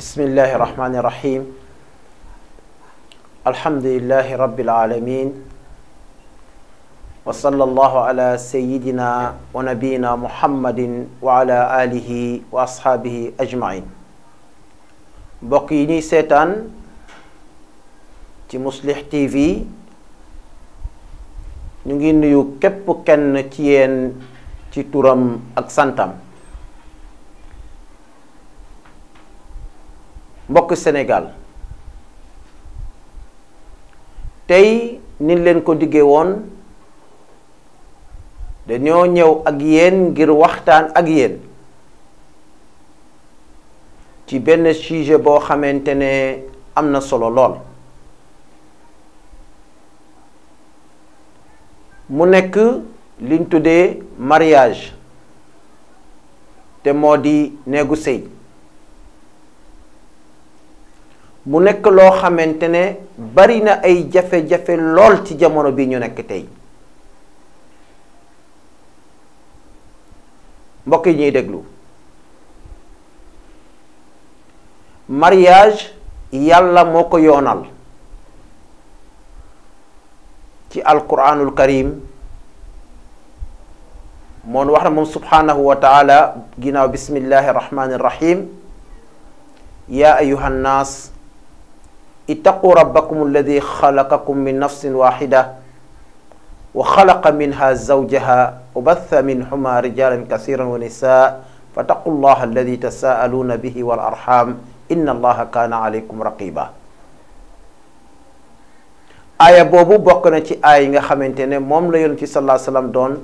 بسم الله الرحمن الرحيم الحمد لله رب العالمين وصلى الله على سيدنا ونبينا محمد وعلى آله وأصحابه أجمعين بقيني سيتان ci Mouslih TV ñu ngi nuyu képp kenn ci yéen ci turam ak santam mbokk Sénégal tey niñ leen ko diggee woon dañoo ñëw ak yeen ngir waxtaan ak yéen ci benn sujet boo xamante ne am na solo lool mu nekk liñ tuddee mariage te moo di néegu sëy mu nekk loo xamante ne bari na ay jafe-jafe lool ci jamono bi ñu nekk tey mbokk yi ñuy déglu mariage yàlla moo ko yoonal ci alquranul karim moon wax na moom subhaanahu wa ginnaaw bismillahi irrahmani irrahim yaa ayuha ittaqu rabbakum alladi xalaqakum min nafsin waxida wa xalaqa minha zawjaha wa batha minhuma rijalan kasiran wa nisaa fattaqu llaha alladi tasaaluuna bihi wal arxam inna allaha kaana aleykum raqiba aaya boobu bokk na ci aay yi nga xamante ne moom la yoon ci salaa sallam doon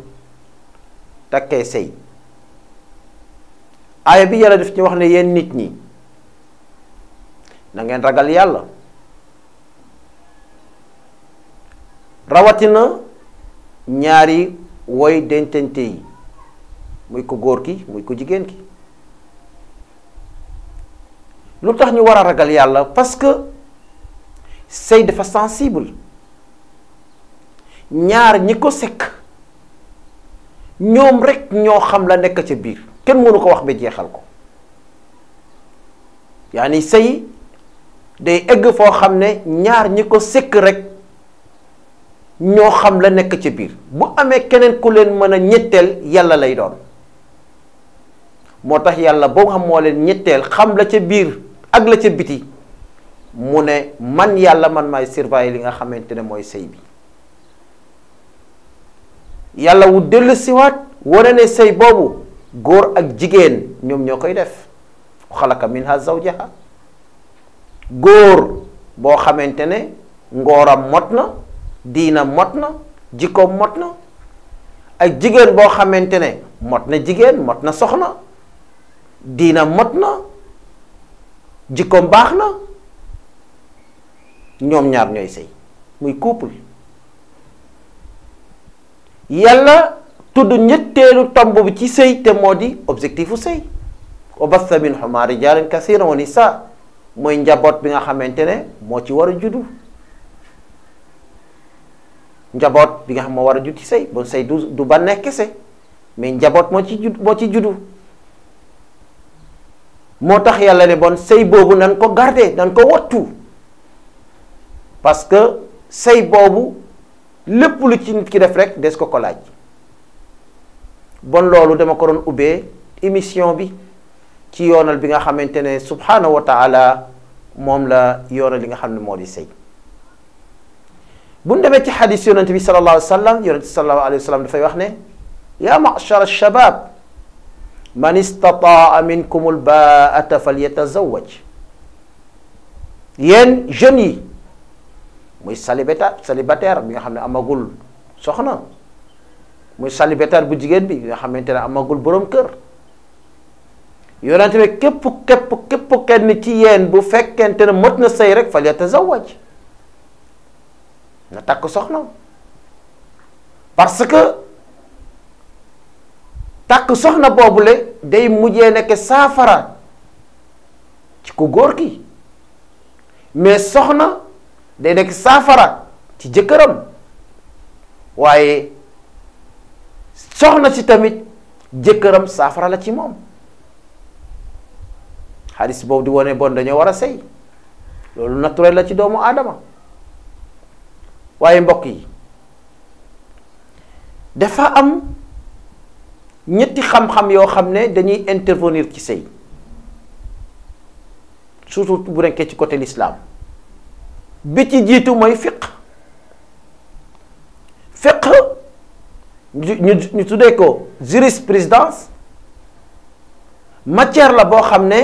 takkee sëy aaya bi yàlla daf ñu wax ne yéen nit ñi na ngeen ragal yàlla rawatina ñaari woy dencante yi muy ko góor ki muy ko jigéen ki lu tax ñu war a ragal yàlla parce que sëy dafa sensible ñaar ñi ko sekk ñoom rekk ñoo xam la nekk ca biir kenn mënu ko wax ba jeexal ko yaani sëy day egg foo xam ne ñaar ñi ko sekk rekk ñoo xam la nekk ca biir bu amee keneen ku leen mën a ñetteel yàlla lay doon moo tax yàlla boo xam moo leen ñetteel xam la ca biir ak la ca biti mu ne man yàlla man may surveiller li nga xamante ne mooy sëy bi yàlla wu dellu siwaat wane ne sëy boobu góor ak jigéen ñoom ñoo koy def xalaka minha zawjaha góor boo xamante ne ngooram mot na diina mot na jikkoom mot na ak jigéen boo xamante ne mot na jigéen mot na soxna diina mot na jikkoom baax na ñoom ñaar ñooy sëy muy couple yàlla tudd ñetteelu tomb bi ci sëy te moo di objectifu sëy wa bassa minhumaa rijaalan kasiiran wa nisaa mooy njaboot bi nga xamante ne moo ci war a juddu njaboot bi nga xam moo war a judd ci sëy bon sëy du du ba kese mais njaboot moo ci judd moo ci juddu moo tax yàlla ne bon sëy boobu nan ko garder nan ko wattu parce que sëy boobu lépp lu ci nit ki def rek des ko ko laaj bon loolu dama ko doon ubbee émission bi ci yoonal bi nga xamante ne subhanahu wa taala moom la yoonal li nga xam ne moo di sëy bu ñu demee ci xadis yonente bi sallallahu alayhi wa sallam yonente bi sallallahu alayhi wa sallam dafay wax ne yaa machar alshabab man istataa minkum albaata falyetazawaj yéen jeunes yi muy salibata célibataire bi nga xam ne amagul soxna muy célibataire bu jigéen bi nga xamante ne amagul boroom kër yonente bi képp képp képp kenn ci yéen bu fekkente ne mot na sëy rek falyetazawaj takk soxna parce que takk soxna boobule day mujjee nekk saafara ci ku góor ki mais soxna day nekk saafara ci jëkkëram waaye soxna si tamit jëkkëram saafara la ci moom xaalis boobu di wane bon dañoo war a sëy loolu naturel la ci doomu aadama waaye mbokk yi dafa am ñetti xam-xam yoo xam ne dañuy intervenir ci sëy surtout bu nekkee ci côté lislaam bi ci jiitu mooy fiq fiq ñu ñu tuddee ko présidence matière la boo xam ne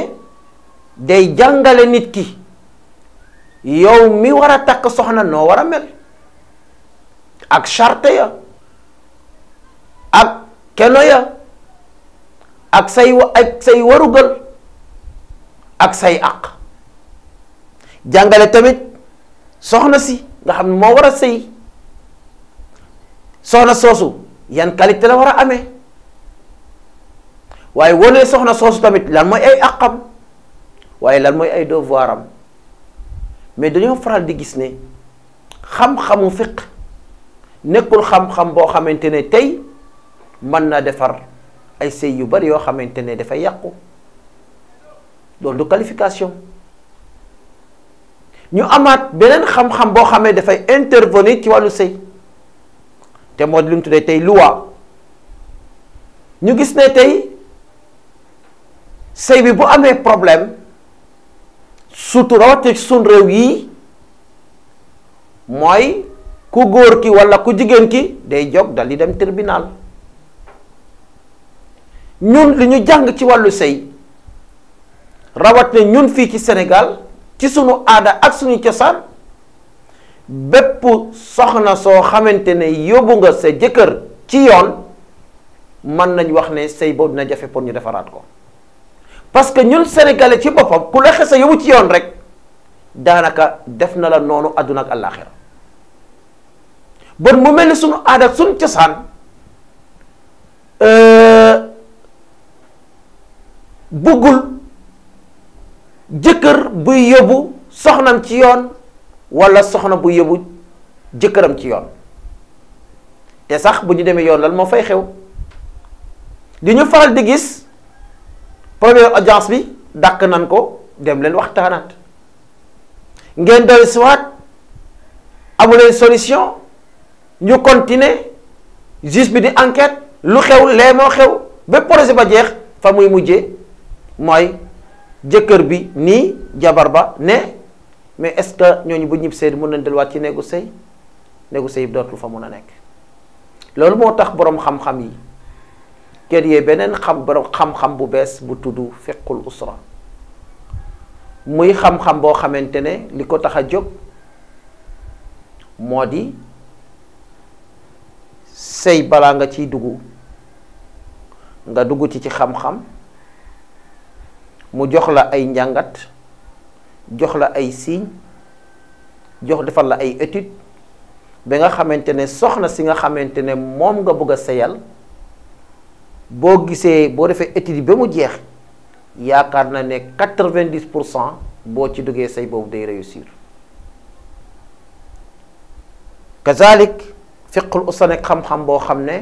day jàngale nit ki yow mi war a takk soxna noo war a mel ak charte ya ak keno ak say ak say warugal ak say àq jàngale tamit soxna si nga xam ne moo war a sëy soxna soosu yan qualité la war a amee waaye wone soxna soosu tamit lan mooy ay àqam waaye lan mooy ay devoiram mais dañoo faral di gis ne xam-xamu fiq nekkul xam-xam boo xamante ne tey mën naa defar ay sëy yu bari yoo xamante ne dafay yàqu loolu du qualification ñu amaat beneen xam-xam boo xamee dafay intervenir ci wàllu sëy te moo lu mu tuddee tey loi ñu gis ne tey sëy bi bu amee problème surtout rawatina ci suñ réew yi mooy ku góor ki walla ku jigéen ki day jóg dal di dem tribunal ñun li ñu jàng ci wàllu sëy rawat ne ñun fii ci senegal ci sunu aada ak suñu cosaan bépp soxna soo xamante ne yóbbu nga sa jëkkër ci yoon mën nañ wax ne sëy boobu dina jafe pour ñu defaraat ko parce que ñun sénégalais ci boppam ku la xese yóbbu ci yoon rek daanaka def na la noonu àdduna ak àllaaxira bon mu mel ni sunu aada ak cosaan euh, bëggul jëkkër buy yóbbu soxnam ci yoon walla soxna buy yóbbu jëkkëram ci yoon te sax bu ñu demee yoon lan moo fay xew li ñu faral di gis première audience bi dàq nan ko dem leen waxtaanaat ngeen dellusiwaat amu leen solution ñu continuer juge bi di enquête lu xew lee moo xew ba projet ba jeex fa muy mujjee mooy jëkkër bi nii jabar ba ne mais est-ce que ñooñu bu ñib sëy mën nañ delluwaat ci néegu sëy néegu sëy bi dootul fa mun a nekk loolu moo tax boroom xam-xam yi kër yee beneen xam boroom xam bu bees bu tudd fiqul usra muy xam-xam boo xamante ne li ko tax a jóg moo di sëy balaa nga ciy dugg nga dugg ci ci xam-xam mu jox la ay njàngat jox la ay signe jox defal la ay étude ba nga xamante ne soxna si nga xamante ne moom nga bëgg a seyal boo gisee boo defee étude yi ba mu jeex yaakaar na ne quatre-vingt-dix pour cent boo ci duggee say boobu day réussir kazalik fiqul usta nekk xam-xam boo xam ne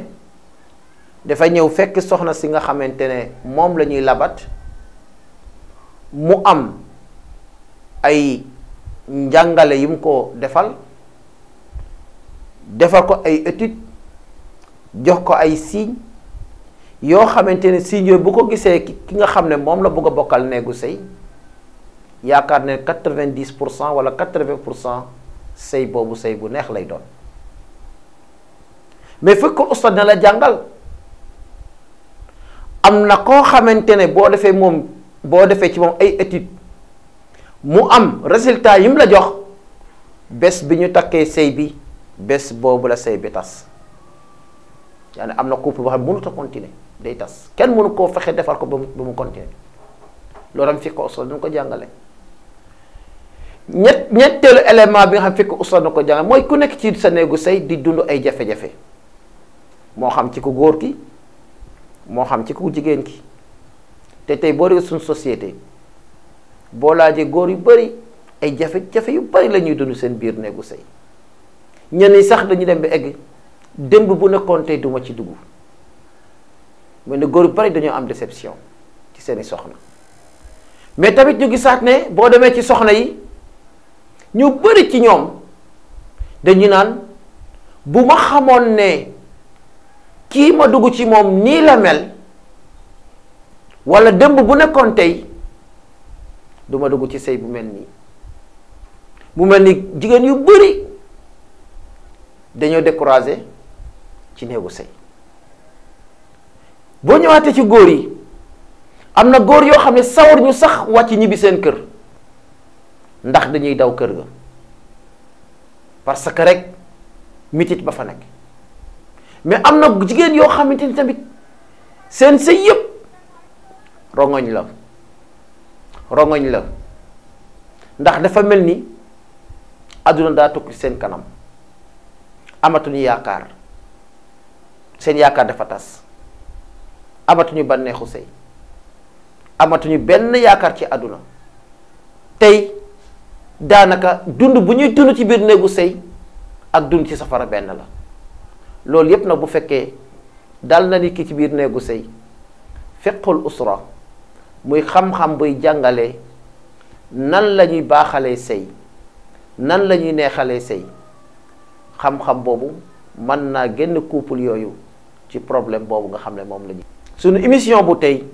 dafa ñëw fekk soxna si nga xamante ne moom la ñuy labat mu am ay njàngale yim ko defal defal ko ay étude jox ko ay signe yoo xamante ne signe yooyu bu ko gisee ki nga xam ne moom la bëgg a bokkal néegu sëy yaakaar ne quatre-vingt-dix pour cent wala quatre-vingt pour cent sëy boobu sëy bu neex lay doon mais fekk ustad na la jàngal am na koo xamante ne boo defee moom boo defee ci moom ay étude mu am résultat yi mu la jox bés bi ñu takkee sëy bi bés boobu la sëy bi tas yaani am na couple boo xam mënut a continuer day tas kenn mënu koo fexe defar ko ba mu ba loolu am fekk ustad na ko jàngale ñett ñetteelu élément bi nga xam fekk ustad na ko jàngale mooy ku nekk ci sa néegu sëy di dund ay jafe-jafe moo xam ci ku góor ki moo xam ci ku jigéen ki te tey boo dee suñ societé boo laajee góor yu bari ay jafe-jafe yu bari lañuy dund seen biir néegu sëy ñenn ñi sax dañu dem ba egg démb bu nekkoon tey duma ci dugg mel ne góor yu bari dañoo am déception ci seeni soxna mais tamit ñu gisaat ne boo demee ci soxna yi ñu bari ci ñoom dañuy naan bu ma xamoon ne kii ma dugg ci moom nii la mel wala dëmb bu nekkoon tey duma dugg ci sëy bu mel nii mu mel ni jigéen yu bari dañoo découragé ci néegu sëy boo ñëwaatee ci góor yi am na góor yoo xam ne sawar ñu sax wàcc ñibbi seen kër ndax dañuy daw kër ga parce que rekk mitit ba fa nekk mais am na jigéen yoo xamante ni tamit seen sëy yëpp rongoñ la rongoñ la ndax dafa mel ni adduna daa tukki seen kanam amatuñu yaakaar seen yaakaar dafa tas amatuñu bànneexu sëy amatuñu benn yaakaar ci àdduna tey daanaka dund bu ñuy dund ci biir néegu sëy ak dund ci safara benn la loolu yépp nag bu fekkee dal na nit ki ci biir néegu sëy fiqul usra muy xam-xam buy jàngale nan la ñuy baaxalee sëy nan la ñuy neexalee sëy xam-xam boobu mën naa génn couple yooyu ci problème boobu nga xam ne moom la ñu suñu émission bu tey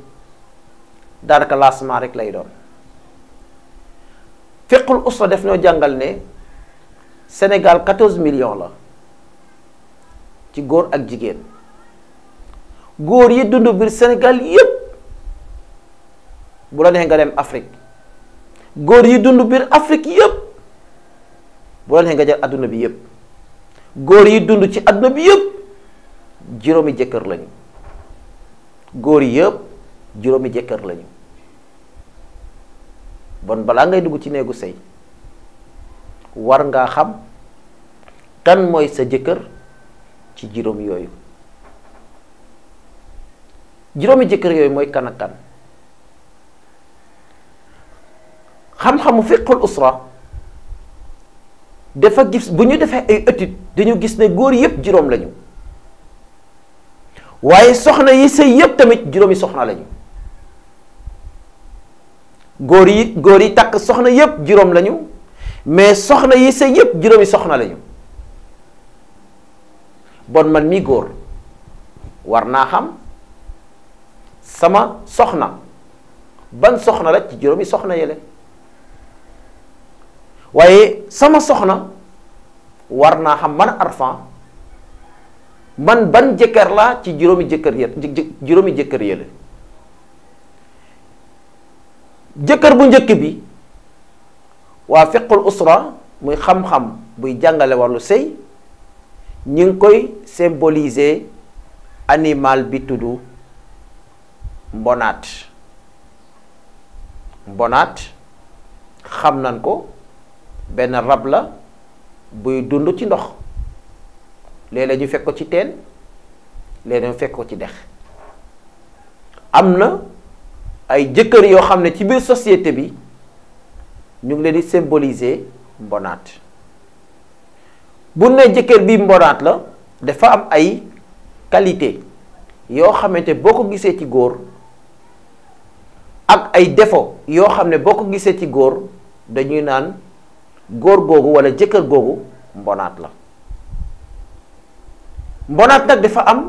daanaka lancement rek lay doon fiqul usra def ñoo jàngal ne Sénégal 14 million la ci góor ak jigéen góor yi dund biir Sénégal yépp bu la neexee nga dem Afrique góor yi dund biir Afrique yépp bu la neexee nga jël àdduna bi yépp góor yi dund ci adduna bi yépp juróomi jëkkër lañu góor yi yépp juróomi jëkkër lañu bon balaa ngay dugg ci néegu sëy war ngaa xam kan mooy sa jëkkër ci juróom yooyu juróomi jëkkër yooyu mooy kan ak kan xam-xamu fiqul usra dafa gis bu ñu defee ay étude dañu gis ne góor yëpp juróom lañu waaye soxna yi sëy yëpp tamit juróomi soxna lañu góor yi góor yi takk soxna yëpp juróom lañu mais soxna yi sëy yëpp juróomi soxna lañu kon man mi góor war naa xam sama soxna ban soxna la ci juróomi soxna yële waaye sama soxna war naa xam man arfan man ban jëkkër la ci juróomi jëkkër yë jëkkër bu njëkk bi waa fiqul usra muy xam-xam buy jàngale wàllu sëy ñi ngi koy symboliser animal bi tudd mbonaat mbonaat xam nañ ko benn rab la buy dund ci ndox léeg-léeg ñu fekk ko ci teen léeg-léeg ñu fekk ko ci dex am na ay jëkkër yoo xam ne ci biir société bi ñu ngi leen di symboliser mbonaat bu ne jëkkër bi mbonaat la dafa am ay qualité yoo xamante boo ko gisee ci góor ak ay defo yoo xam ne boo ko gisee ci góor dañuy naan góor googu walla jëkkër googu mbonaat la mbonaat nag dafa am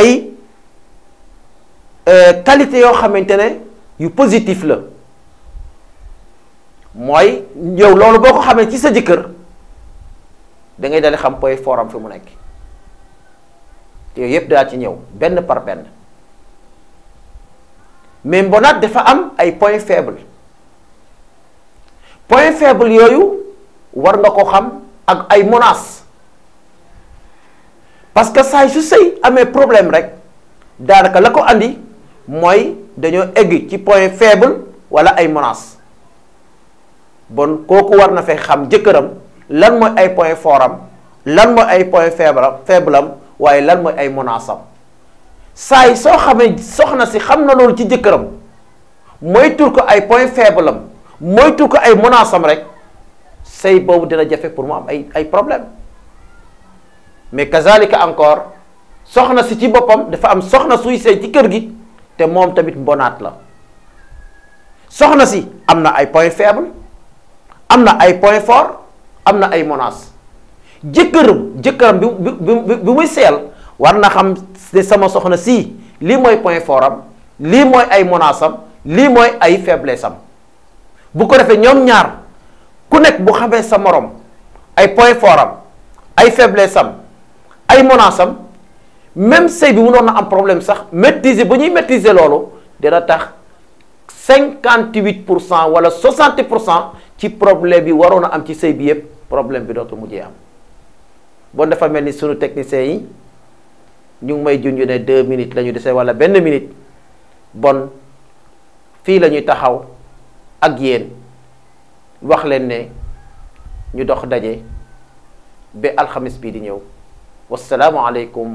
ay euh, qualité yoo xamante ne yu positif la mooy yow loolu boo ko xamee ci sa jëkkër dangay ngay xam point fort am fi mu nekk te yooyu yëpp daa ci ñëw benn par benn mais mbonaat dafa am ay point faible point faible yooyu war nga ko xam ak ay menaces parce que saa su sëy amee problème rek daanaka la ko andi mooy dañoo egg ci point faible wala ay menaces bon kooku war na fekk xam jëkkëram. lan mooy ay point fort am lan mooy ay point faible am waaye lan mooy ay menaces saay soo xamee soxna si xam na loolu ci jëkkëram moytul ko ay point faible am moytul ko ay menaces rek sëy boobu dina jafe pour mu am ay ay problème mais kazalika encore soxna si ci boppam dafa am soxna suy sëy ci kër gi te moom tamit mbonaat la soxna si am na ay point faible am na ay point fort am na ay menaces jëkkëram jëkkëram bi bi bi muy seel war na xam ne sama soxla sii lii mooy point fort lii mooy ay menaces am lii mooy ay faiblesse am bu ko defee ñoom ñaar ku nekk bu xamee sa morom ay point fort ay faiblesse am ay menaces am même sëy bi mënoon na am problème sax maîtriser ba ñuy maîtriser loolu dina tax cinquante huit pour cent wala soixante pour cent ci problème bi waroon a am ci sëy bi yépp problème bi dootu mujjee am bon dafa mel ni sunu technicien yi ñu may junj ne deux minutes la ñu dese wala benn minute bon fii la ñuy taxaw ak yéen wax leen ne ñu dox daje be alxamis bii di ñëw wasalaamualeykum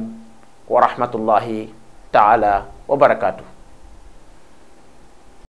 wa rahmatullahi taala wa barakaatu.